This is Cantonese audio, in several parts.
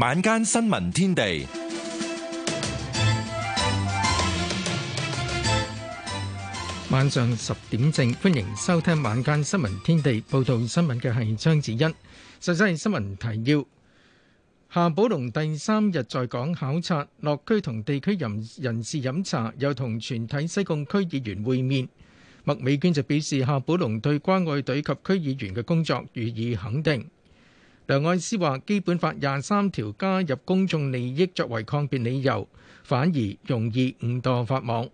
晚間新聞天地，晚上十點正，歡迎收聽晚間新聞天地。報道新聞嘅係張子欣。首先係新聞提要：夏寶龍第三日在港考察，落區同地區人人士飲茶，又同全體西貢區議員會面。麥美娟就表示，夏寶龍對關愛隊及區議員嘅工作予以肯定。梁愛詩話：基本法廿三條加入公眾利益作為抗辯理由，反而容易誤墮法網。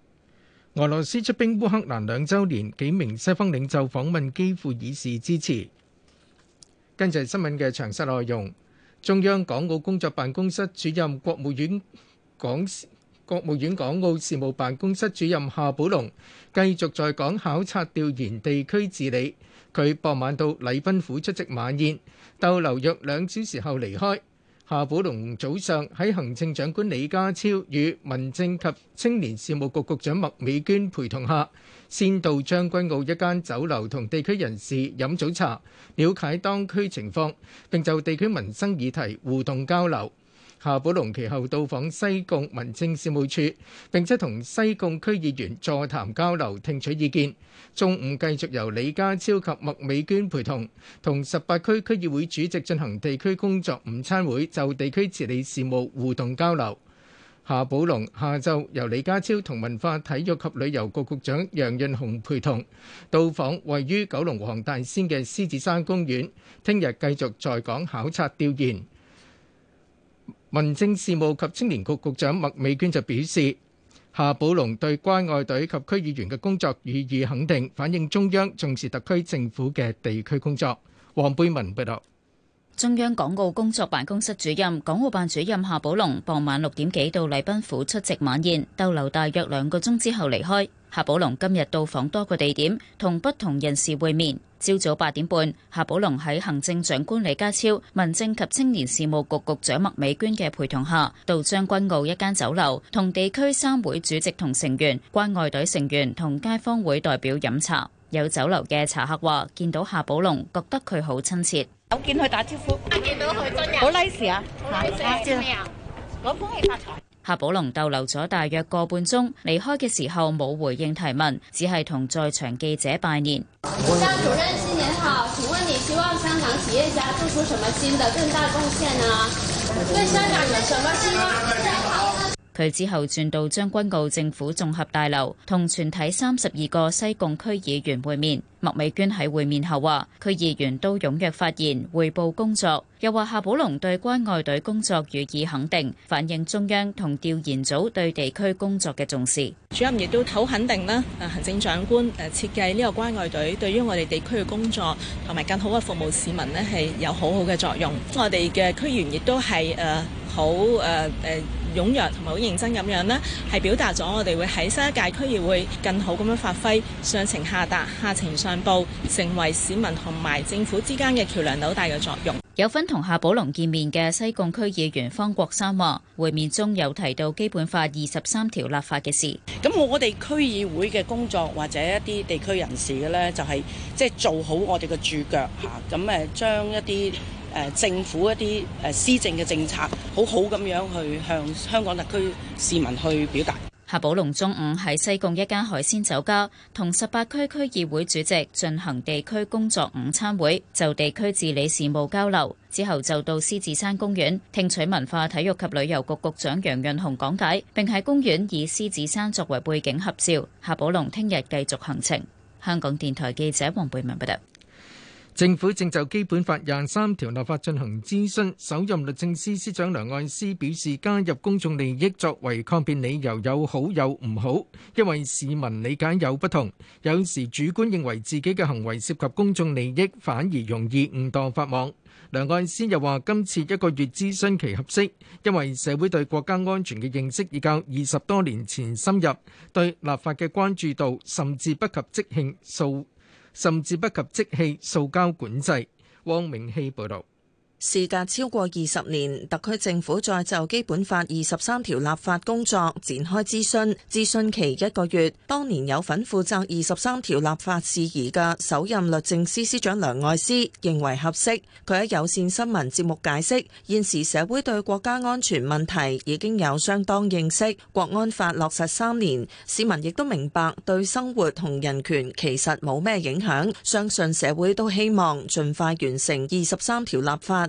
俄羅斯出兵烏克蘭兩週年，幾名西方領袖訪問基輔以示支持。跟住係新聞嘅詳細內容。中央港澳工作辦公室主任、國務院港國務院港澳事務辦公室主任夏寶龍繼續在港考察調研地區治理。佢傍晚到禮賓府出席晚宴，逗留約兩小時後離開。夏寶龍早上喺行政長官李家超與民政及青年事務局局長麥美娟陪同下，先到將軍澳一間酒樓同地區人士飲早茶，了解當區情況，並就地區民生議題互動交流。夏寶龍其後到訪西貢民政事務處，並且同西貢區議員座談交流，聽取意見。中午繼續由李家超及麥美娟陪同，同十八區區議會主席進行地區工作午餐會，就地區治理事務互動交流。夏寶龍下晝由李家超同文化體育及旅遊局局長楊潤雄陪同到訪位於九龍黃大仙嘅獅子山公園。聽日繼續在港考察調研。民政事務及青年局局長麥美娟就表示，夏寶龍對關愛隊及區議員嘅工作予以肯定，反映中央重視特區政府嘅地區工作。黃貝文報道，中央港澳工作辦公室主任、港澳辦主任夏寶龍傍晚六點幾到禮賓府出席晚宴，逗留大約兩個鐘之後離開。夏寶龍今日到訪多個地點，同不同人士會面。朝早八點半，夏寶龍喺行政長官李家超、民政及青年事務局局長麥美娟嘅陪同下，到將軍澳一間酒樓，同地區三會主席同成員、關愛隊成員同街坊會代表飲茶。有酒樓嘅茶客話，見到夏寶龍，覺得佢好親切。我見佢打招呼，見到佢真人。好 nice 啊！好 nice 啊！咩啊？恭喜發財。夏寶龍逗留咗大約個半鐘，離開嘅時候冇回應提問，只係同在場記者拜年。張主任，新年好！請問你希望香港企業家做出什麼新的更大貢獻呢？對香港有什麼希望？佢之後轉到將軍澳政府綜合大樓，同全體三十二個西貢區議員會面。麥美娟喺會面後話，區議員都踴躍發言，匯報工作，又話夏寶龍對關愛隊工作予以肯定，反映中央同調研組對地區工作嘅重視。主任亦都好肯定啦，行政長官誒設計呢個關愛隊對於我哋地區嘅工作同埋更好嘅服務市民咧，係有好好嘅作用。我哋嘅區議員亦都係誒，好誒誒踴躍同埋好認真咁樣呢，係表達咗我哋會喺新一屆區議會更好咁樣發揮上情下達，下情上報，成為市民同埋政府之間嘅橋樑紐帶嘅作用。有份同夏寶龍見面嘅西貢區議員方國珊話會面中有提到基本法二十三條立法嘅事。咁我哋區議會嘅工作或者一啲地區人士嘅呢，就係即係做好我哋嘅住腳吓，咁、啊、誒將一啲。誒政府一啲誒施政嘅政策，好好咁樣去向香港特區市民去表達。夏寶龍中午喺西貢一間海鮮酒家，同十八區區議會主席進行地區工作午餐會，就地區治理事務交流。之後就到獅子山公園聽取文化、體育及旅遊局局長楊潤雄講解，並喺公園以獅子山作為背景合照。夏寶龍聽日繼續行程。香港電台記者黃貝文報道。政府正就基本法廿三條立法進行諮詢，首任律政司司長梁愛詩表示加入公眾利益作為抗辯理由有好有唔好，因為市民理解有不同，有時主觀認為自己的行為涉及公眾利益反而容易誤當法網。梁愛詩又話今次一個月諮詢期合適，因為社會對國家安全的認識已較二十多年前深入，對立法的關注度甚至不及即興甚至不及即棄塑膠管制。汪明熙報道。事隔超過二十年，特區政府再就《基本法》二十三條立法工作展開諮詢，諮詢期一個月。當年有份負責二十三條立法事宜嘅首任律政司司長梁愛詩認為合適。佢喺有線新聞節目解釋：現時社會對國家安全問題已經有相當認識，《國安法》落實三年，市民亦都明白對生活同人權其實冇咩影響，相信社會都希望盡快完成二十三條立法。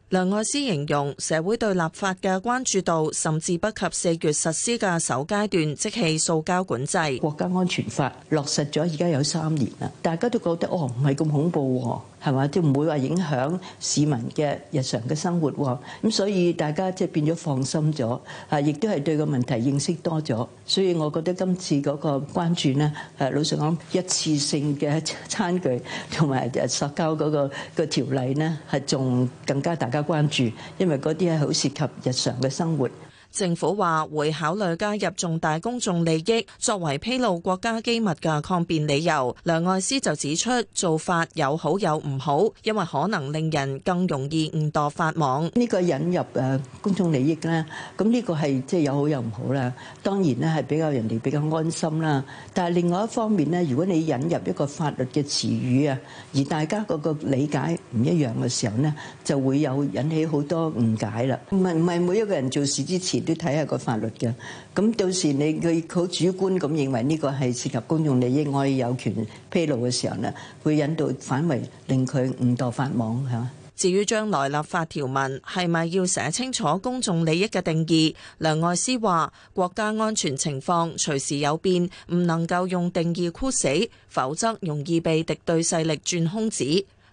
梁愛詩形容社會對立法嘅關注度，甚至不及四月實施嘅首階段即棄塑膠管制。國家安全法落實咗，而家有三年啦，大家都覺得哦唔係咁恐怖喎，係嘛？都唔會話影響市民嘅日常嘅生活喎。咁所以大家即係變咗放心咗，啊，亦都係對個問題認識多咗。所以我覺得今次嗰個關注咧，誒，老實講，一次性嘅餐具同埋誒塑膠嗰個個條例咧，係仲更加大家關注，因為嗰啲係好涉及日常嘅生活。政府話會考慮加入重大公眾利益作為披露國家機密嘅抗辯理由。梁愛詩就指出，做法有好有唔好，因為可能令人更容易誤墮法網。呢個引入誒公眾利益呢，咁、這、呢個係即係有好有唔好啦。當然呢，係比較人哋比較安心啦。但係另外一方面呢，如果你引入一個法律嘅詞語啊，而大家嗰個理解唔一樣嘅時候呢，就會有引起好多誤解啦。唔係唔係每一個人做事之前，都睇下個法律嘅。咁到時你佢好主觀咁認為呢個係涉及公眾利益，我有權披露嘅時候咧，會引導反為令佢誤墮法網，係嘛？至於將來立法條文係咪要寫清楚公眾利益嘅定義，梁愛詩話國家安全情況隨時有變，唔能夠用定義箍死，否則容易被敵對勢力鑽空子。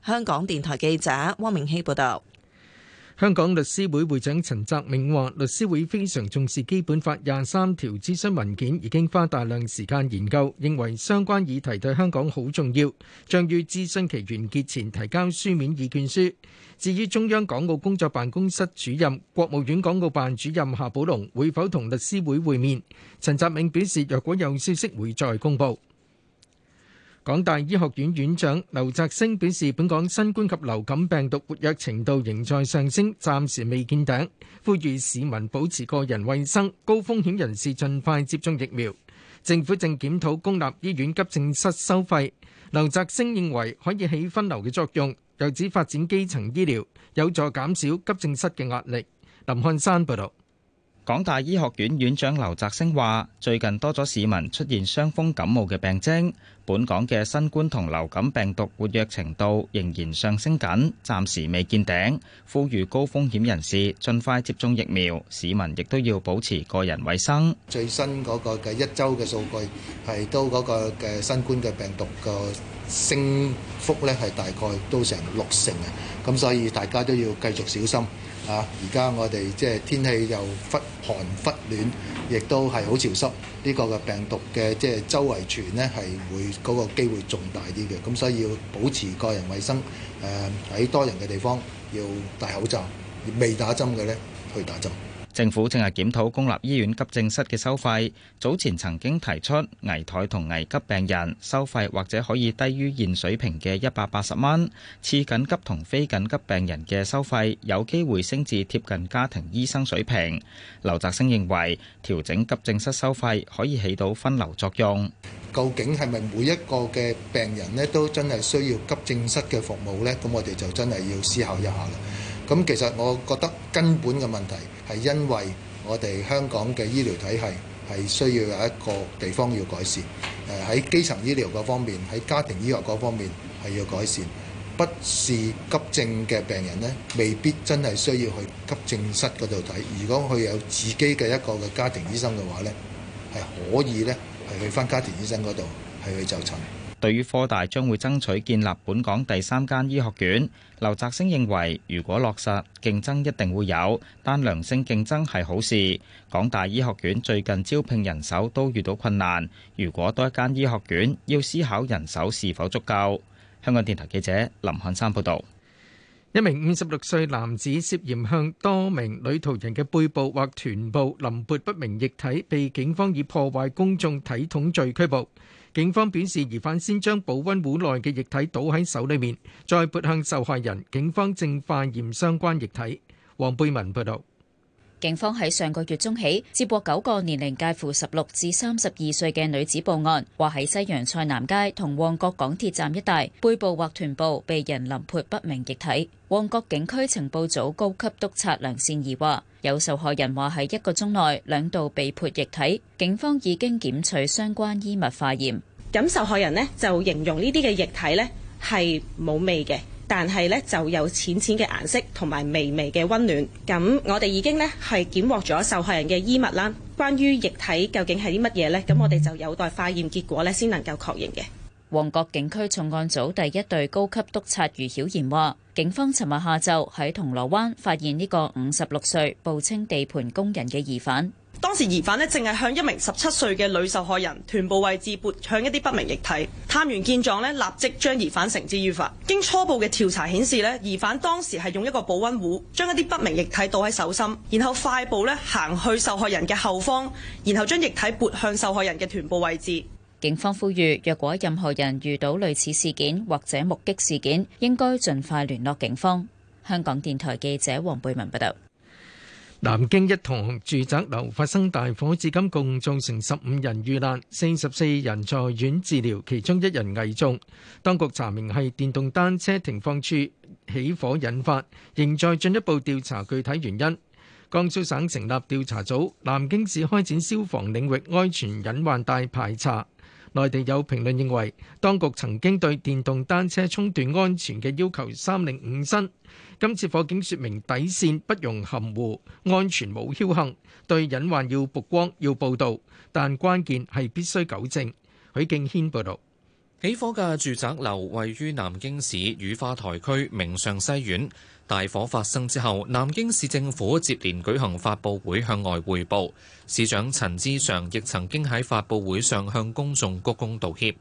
香港電台記者汪明熙報道。香港律師會會長陳澤明話律師會非常重視基本法港大醫學院院長，劉澤星表示本港新冠及流感病毒活躍程度仍在上升，暫時未見頂，呼籲市民保持個人衛生，高風險人士盡快接種疫苗，政府正檢討公立醫院急症室收費，劉澤星認為可以起分流的作用，又指發展基層醫療，有助減少急症室的壓力，林漢山報道。港大醫學院院長劉澤星話，最近多咗市民出現傷風感冒的病徵。本港的新冠同流感病毒活躍程度仍然上升緊，暫時未見頂，呼籲高風險人士，盡快接種疫苗，市民亦都要保持個人衛生。最新嗰個嘅一周嘅數據，都嗰個嘅新冠嘅病毒嘅升幅大概都成六成。所以大家都要繼續小心。啊！而家我哋即係天氣又忽寒忽暖，亦都係好潮濕，呢個嘅病毒嘅即係周圍傳咧，係會嗰個機會仲大啲嘅，咁所以要保持個人衞生。誒喺多人嘅地方要戴口罩，未打針嘅咧去打針。政府正係檢討公立醫院急症室嘅收費。早前曾經提出危殆同危急病人收費或者可以低於現水平嘅一百八十蚊，次緊急同非緊急，急病人嘅收費有機會升至貼近家庭醫生水平。劉澤星認為調整急症室收費可以起到分流作用。究竟係咪每一個嘅病人呢都真係需要急症室嘅服務呢？咁我哋就真係要思考一下啦。咁其實我覺得根本嘅問題。係因為我哋香港嘅醫療體系係需要有一個地方要改善，誒喺基層醫療嗰方面，喺家庭醫學嗰方面係要改善。不是急症嘅病人呢，未必真係需要去急症室嗰度睇。如果佢有自己嘅一個嘅家庭醫生嘅話呢，係可以呢係去返家庭醫生嗰度係去就診。對於科大將會爭取建立本港第三間醫學院，劉澤星認為如果落實競爭一定會有，但良性競爭係好事。港大醫學院最近招聘人手都遇到困難，如果多一間醫學院，要思考人手是否足夠。香港電台記者林漢山報導。一名五十六歲男子涉嫌向多名女途人嘅背部或臀部淋潑不明液體，被警方以破壞公眾體統罪拘捕。警方表示，疑犯先將保温壺內嘅液體倒喺手裏面，再潑向受害人。警方正化驗相關液體。黃貝文報導。警方喺上個月中起接獲九個年齡介乎十六至三十二歲嘅女子報案，話喺西洋菜南街同旺角港鐵站一帶背部或臀部被人淋潑不明液體。旺角警區情報組高級督察梁善怡話：有受害人話喺一個鐘內兩度被潑液體，警方已經檢取相關衣物化驗。咁受害人呢，就形容呢啲嘅液體呢，係冇味嘅，但係呢就有淺淺嘅顏色同埋微微嘅溫暖。咁我哋已經呢，係檢獲咗受害人嘅衣物啦。關於液體究竟係啲乜嘢呢，咁我哋就有待化驗結果呢，先能夠確認嘅。旺角警區重案組第一隊高級督察余曉賢話，警方尋日下晝喺銅鑼灣發現呢個五十六歲報稱地盤工人嘅疑犯。當時疑犯呢，正係向一名十七歲嘅女受害人臀部位置撥向一啲不明液體。探員見狀呢，立即將疑犯繩之於法。經初步嘅調查顯示呢，疑犯當時係用一個保溫壺將一啲不明液體倒喺手心，然後快步呢行去受害人嘅後方，然後將液體撥向受害人嘅臀部位置。警方呼籲，若果任何人遇到類似事件或者目擊事件，應該盡快聯絡警方。香港電台記者黃貝文報道。南京一棟住宅樓發生大火，至今共造成十五人遇難，四十四人在院治療，其中一人危重。當局查明係電動單車停放處起火引發，仍在進一步調查具體原因。江蘇省成立調查組，南京市開展消防領域安全隱患大排查。內地有評論認為，當局曾經對電動單車充電安全嘅要求三令五申。今次火警説明底線不容含糊，安全冇僥倖，對隱患要曝光要報道，但關鍵係必須糾正。許敬軒報道，起火嘅住宅樓位於南京市雨花台區明上西苑。大火發生之後，南京市政府接連舉行發佈會向外匯報，市長陳之常亦曾經喺發佈會上向公眾鞠躬道歉。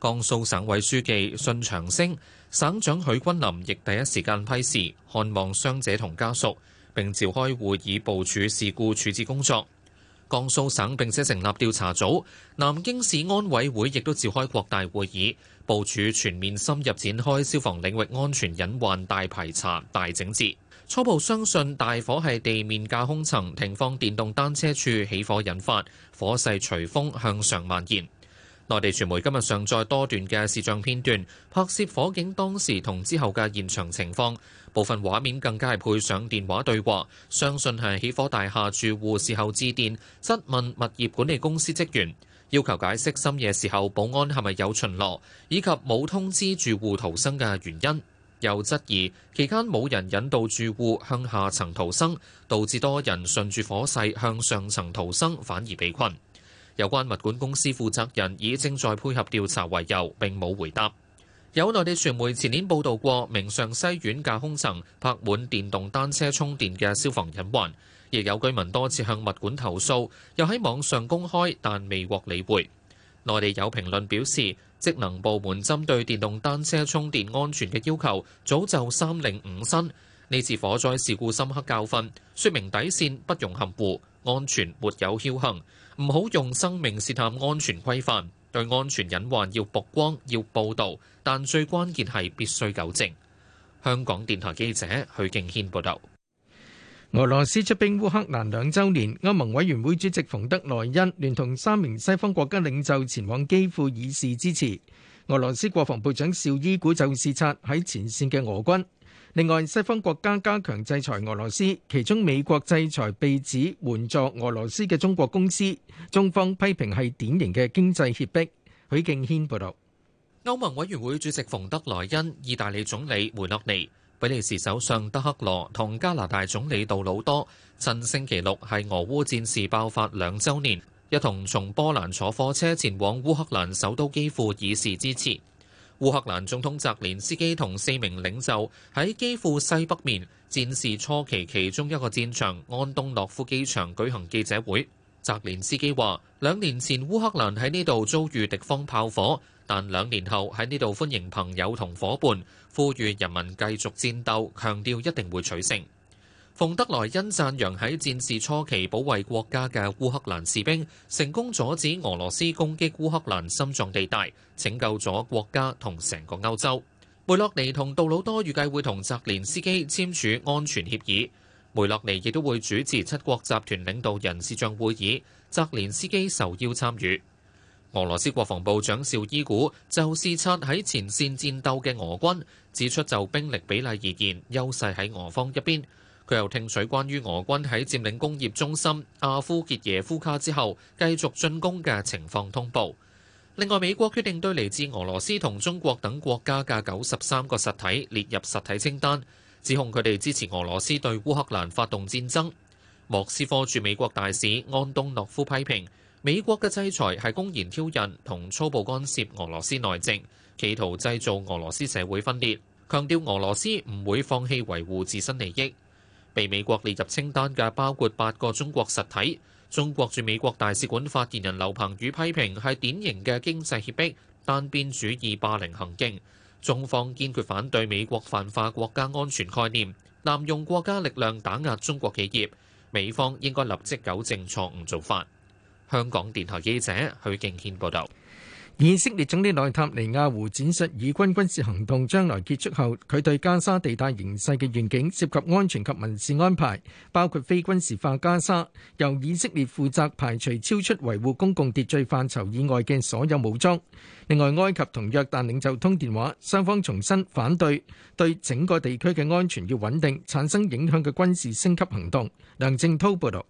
江蘇省委書記信長星，省長許昆林亦第一時間批示，看望傷者同家屬，並召開會議部署事故處置工作。江蘇省並且成立調查組，南京市安委會亦都召開擴大會議，部署全面深入展開消防領域安全隱患大排查大整治。初步相信大火係地面架空層停放電動單車處起火引發，火勢隨風向上蔓延。內地傳媒今日上載多段嘅視像片段，拍攝火警當時同之後嘅現場情況。部分畫面更加係配上電話對話，相信係起火大廈住戶事後致電質問物業管理公司職員，要求解釋深夜時候保安係咪有巡邏，以及冇通知住戶逃生嘅原因。又質疑期間冇人引導住戶向下層逃生，導致多人順住火勢向上層逃生，反而被困。有關物管公司負責人以正在配合調查為由並冇回答。有內地傳媒前年報道過明上西苑架空層泊滿電動單車充電嘅消防隱患，亦有居民多次向物管投訴，又喺網上公開，但未獲理會。內地有評論表示，職能部門針對電動單車充電安全嘅要求早就三令五申，呢次火災事故深刻教訓，說明底線不容含糊，安全沒有僥倖。唔好用生命試探安全規範，對安全隱患要曝光，要報道，但最關鍵係必須糾正。香港電台記者許敬軒報道。俄羅斯出兵烏克蘭兩周年，歐盟委員會主席馮德萊恩連同三名西方國家領袖前往基輔以示支持。俄羅斯國防部長紹伊古就視察喺前線嘅俄軍。另外，西方國家加強制裁俄羅斯，其中美國制裁被指援助俄羅斯嘅中國公司，中方批評係典型嘅經濟脅迫。許敬軒報導。歐盟委員會主席馮德萊恩、意大利總理梅洛尼、比利時首相德克羅同加拿大總理杜魯多，趁星期六係俄烏戰事爆發兩週年，一同從波蘭坐火車前往烏克蘭首都基輔以示支持。烏克蘭總統澤連斯基同四名領袖喺基輔西北面戰事初期其中一個戰場安東諾夫機場舉行記者會。澤連斯基話：兩年前烏克蘭喺呢度遭遇敵方炮火，但兩年後喺呢度歡迎朋友同伙伴，呼籲人民繼續戰鬥，強調一定會取勝。馮德萊恩讚揚喺戰事初期保衛國家嘅烏克蘭士兵，成功阻止俄羅斯攻擊烏克蘭心臟地帶，拯救咗國家同成個歐洲。梅洛尼同杜魯多預計會同澤連斯基簽署安全協議。梅洛尼亦都會主持七國集團領導人視像會議，澤連斯基受邀參與。俄羅斯國防部長紹伊古就視察喺前線戰鬥嘅俄軍，指出就兵力比例而言，優勢喺俄方一邊。佢又聽取關於俄軍喺佔領工業中心阿夫傑耶夫卡之後繼續進攻嘅情況通報。另外，美國決定對嚟自俄羅斯同中國等國家嘅九十三個實體列入實體清單，指控佢哋支持俄羅斯對烏克蘭發動戰爭。莫斯科駐美國大使安東諾夫批評美國嘅制裁係公然挑釁同粗暴干涉俄羅斯內政，企圖製造俄羅斯社會分裂，強調俄羅斯唔會放棄維護自身利益。被美國列入清單嘅包括八個中國實體。中國駐美國大使館發言人劉鵬宇批評係典型嘅經濟脅迫、單邊主義霸凌行徑。中方堅決反對美國泛化國家安全概念、濫用國家力量打壓中國企業。美方應該立即糾正錯誤做法。香港電台記者許敬軒報道。以色列總理內塔尼亞胡展述，以軍軍事行動將來結束後，佢對加沙地帶形勢嘅願景，涉及安全及民事安排，包括非軍事化加沙，由以色列負責排除超出維護公共秩序範疇以外嘅所有武裝。另外，埃及同約旦領袖通電話，雙方重申反對對整個地區嘅安全與穩定產生影響嘅軍事升級行動。梁正濤報道。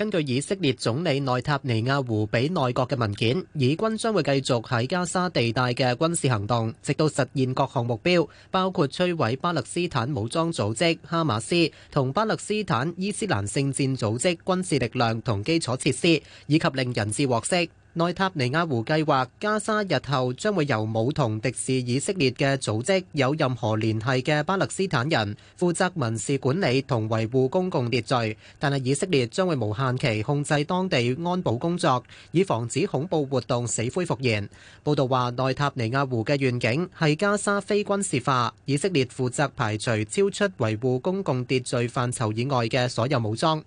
根據以色列總理內塔尼亞胡俾內閣嘅文件，以軍將會繼續喺加沙地帶嘅軍事行動，直到實現各項目標，包括摧毀巴勒斯坦武裝組織哈馬斯同巴勒斯坦伊斯蘭聖戰組織軍事力量同基礎設施，以及令人質獲釋。內塔尼亞胡計劃，加沙日後將會由冇同敵視以色列嘅組織有任何聯繫嘅巴勒斯坦人負責民事管理同維護公共秩序，但係以色列將會無限期控制當地安保工作，以防止恐怖活動死灰復燃。報道話內塔尼亞胡嘅願景係加沙非軍事化，以色列負責排除超出維護公共秩序範疇以外嘅所有武裝。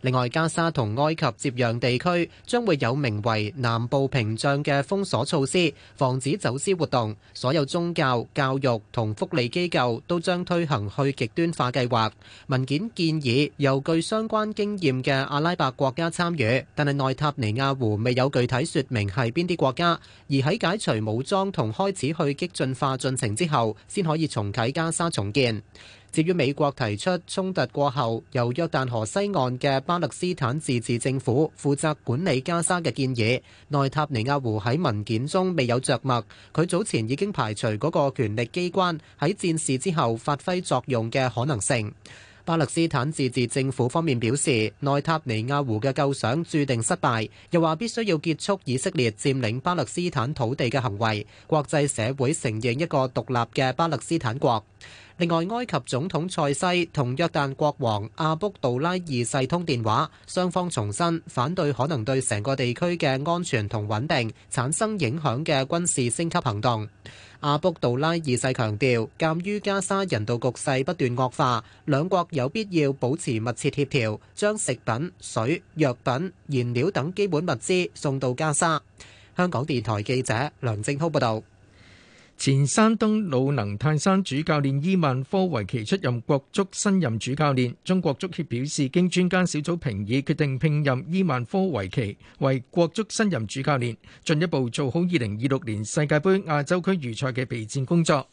另外，加沙同埃及接壤地區將會有名為南部屏障嘅封鎖措施，防止走私活動，所有宗教、教育同福利機構都將推行去極端化計劃。文件建議由具相關經驗嘅阿拉伯國家參與，但係內塔尼亞胡未有具體說明係邊啲國家。而喺解除武裝同開始去激進化進程之後，先可以重啟加沙重建。至於美國提出衝突過後由約旦河西岸嘅巴勒斯坦自治政府負責管理加沙嘅建議，內塔尼亞胡喺文件中未有着墨。佢早前已經排除嗰個權力機關喺戰事之後發揮作用嘅可能性。巴勒斯坦自治政府方面表示，內塔尼亞胡嘅構想註定失敗，又話必須要結束以色列佔領巴勒斯坦土地嘅行為，國際社會承認一個獨立嘅巴勒斯坦國。另外，埃及總統塞西同約旦國王阿卜杜拉二世通電話，雙方重申反對可能對成個地區嘅安全同穩定產生影響嘅軍事升級行動。阿卜杜拉二世強調，鑑於加沙人道局勢不斷惡化，兩國有必要保持密切協調，將食品、水、藥品、燃料等基本物資送到加沙。香港電台記者梁正浩報道。前山東魯能泰山主教練伊萬科維奇出任國足新任主教練。中國足協表示，經專家小組評議，決定聘任伊萬科維奇為國足新任主教練，進一步做好二零二六年世界盃亞洲區預賽嘅備戰工作。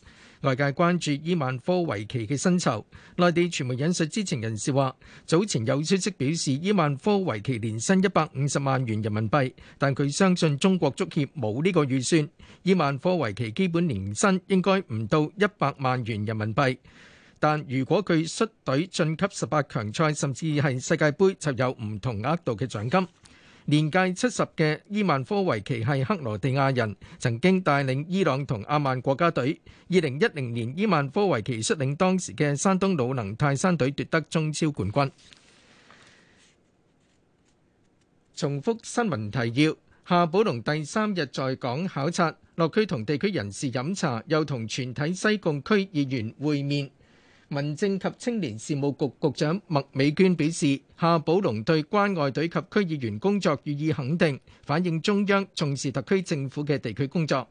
外界關注伊萬科維奇嘅薪酬，內地傳媒引述知情人士話，早前有消息表示伊萬科維奇年薪一百五十萬元人民幣，但佢相信中國足協冇呢個預算，伊萬科維奇基本年薪應該唔到一百萬元人民幣，但如果佢率隊晉級十八強賽甚至係世界盃就有唔同額度嘅獎金。年屆七十嘅伊萬科維奇係克羅地亞人，曾經帶領伊朗同阿曼國家隊。二零一零年，伊萬科維奇率領當時嘅山東魯能泰山隊奪得中超冠軍。重複新聞提要：夏寶龍第三日在港考察，落區同地區人士飲茶，又同全體西貢區議員會面。民政及青年事務局局長麥美娟表示，夏寶龍對關愛隊及區議員工作予以肯定，反映中央重視特區政府嘅地區工作。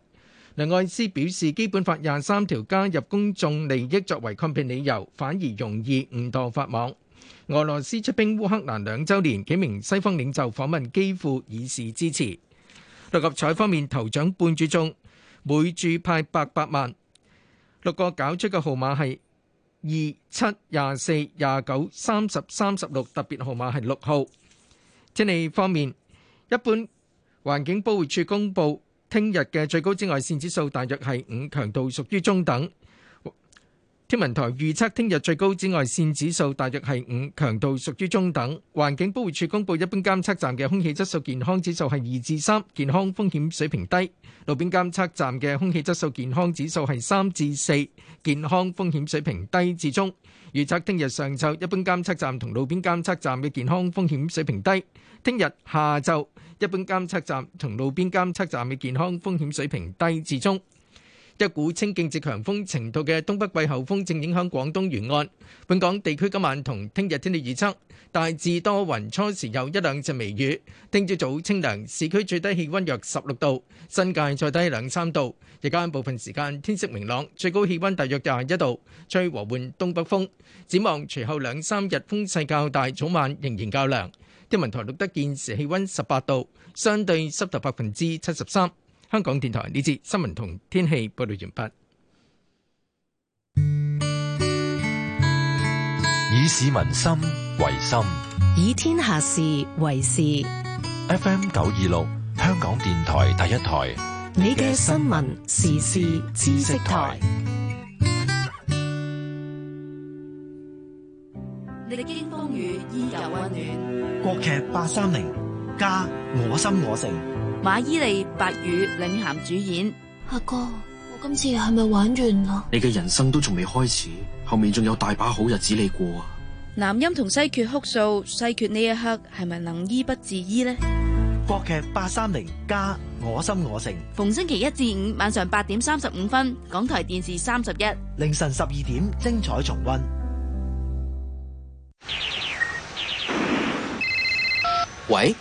梁愛詩表示，《基本法》廿三條加入公眾利益作為抗辯理由，反而容易誤墮法網。俄羅斯出兵烏克蘭兩週年，幾名西方領袖訪問基輔以示支持。六合彩方面，頭獎半注中，每注派八百萬。六個搞出嘅號碼係二七廿四廿九三十三十六特別號碼係六號。天氣方面，一般環境保護署公布聽日嘅最高紫外線指數大約係五，強度屬於中等。天文台預測聽日最高紫外線指數大約係五，強度屬於中等。環境保護署公布一般監測站嘅空氣質素健康指數係二至三，健康風險水平低；路邊監測站嘅空氣質素健康指數係三至四，健康風險水平低至中。預測聽日上晝一般監測站同路邊監測站嘅健康風險水平低；聽日下晝一般監測站同路邊監測站嘅健康風險水平低至中。一股清勁至強風程度嘅東北季候風正影響廣東沿岸，本港地區今晚同聽日天氣預測大致多雲，初時有一兩陣微雨。聽朝早清涼，市區最低氣温約十六度，新界再低兩三度。日間部分時間天色明朗，最高氣温大約廿一度，吹和緩東北風。展望隨後兩三日風勢較大，早晚仍然較涼。天文台錄得現時氣温十八度，相對濕度百分之七十三。香港電台呢節新聞同天氣報道完畢。以市民心為心，以天下事為事。FM 九二六，香港電台第一台，你嘅新聞時事知識台。你歷經風雨依舊温暖。國劇八三零加我心我城。馬伊俐、白宇領銜主演。阿哥，哥，我今次係咪玩完啊？你嘅人生都仲未開始，後面仲有大把好日子你過啊！南音同西決哭訴，西決呢一刻係咪能醫不自醫呢？國劇八三零加我心我城，逢星期一至五晚上八點三十五分，港台電視三十一，凌晨十二點精彩重溫。喂，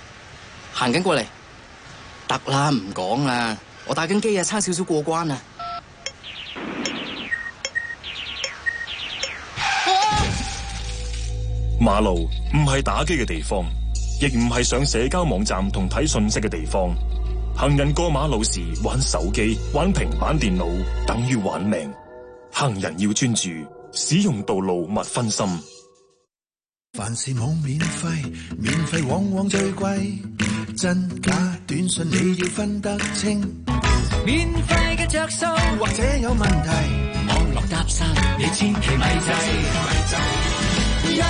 行緊過嚟。得啦，唔講啦，我打緊機啊，差少少過關啊！馬路唔係打機嘅地方，亦唔係上社交網站同睇信息嘅地方。行人過馬路時玩手機、玩平板電腦，等於玩命。行人要專注，使用道路勿分心。凡事冇免費，免費往往最貴。真假短信你要分得清，免費嘅着數或者有問題，網絡搭訕你千祈咪制，一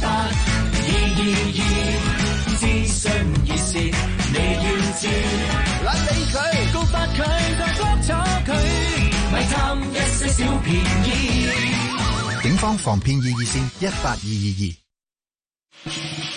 八二二二諮詢熱線，你要知，懶理佢，告發佢，捉咗佢，咪二貪一些小便宜。警方防騙熱線一八二二二。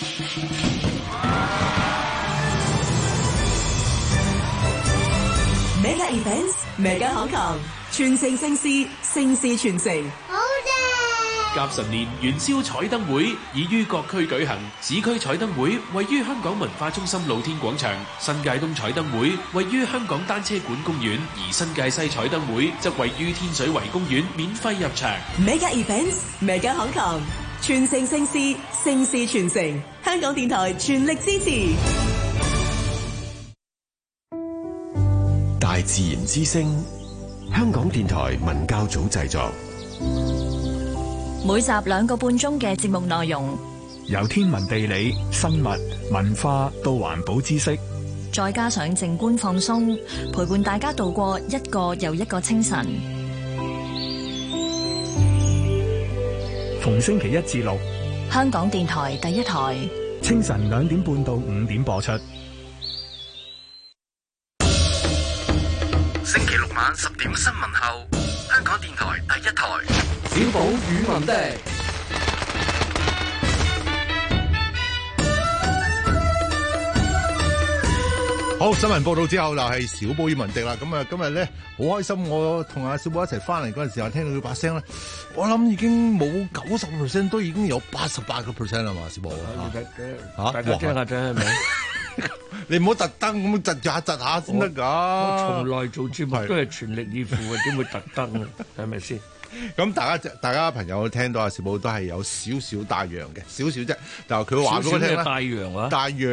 Mega Events，Mega Hong Kong，全城盛事，盛事全城。好嘅棒！甲辰年元宵彩燈會已於各區舉行，市區彩燈會位於香港文化中心露天廣場，新界東彩燈會位於香港單車館公園，而新界西彩燈會則位於天水圍公園，免費入場。Mega Events，Mega Hong Kong，全城盛事，盛事全城。香港電台全力支持。自然之聲，香港電台文教組製作。每集兩個半鐘嘅節目內容，由天文地理、生物、文化到環保知識，再加上靜觀放鬆，陪伴大家度過一個又一個清晨。逢星期一至六，香港電台第一台，清晨兩點半到五點播出。新聞後，香港電台第一台小寶與文迪。好，新聞報道之後就係小寶與文迪啦。咁啊，今日咧好開心，我同阿小寶一齊翻嚟嗰陣時候，聽到佢把聲咧，我諗已經冇九十個 percent，都已經有八十八個 percent 啦嘛，小寶啊，吓，阿張阿張。啊哇 你唔好特登咁窒下窒下先得噶，我從嚟做節目都係全力以赴嘅，點是 會特登咧？係咪先？咁大家大家朋友聽到阿小寶都係有少少大洋嘅，少少啫。嗱，佢話俾我聽啦，大洋啊。大洋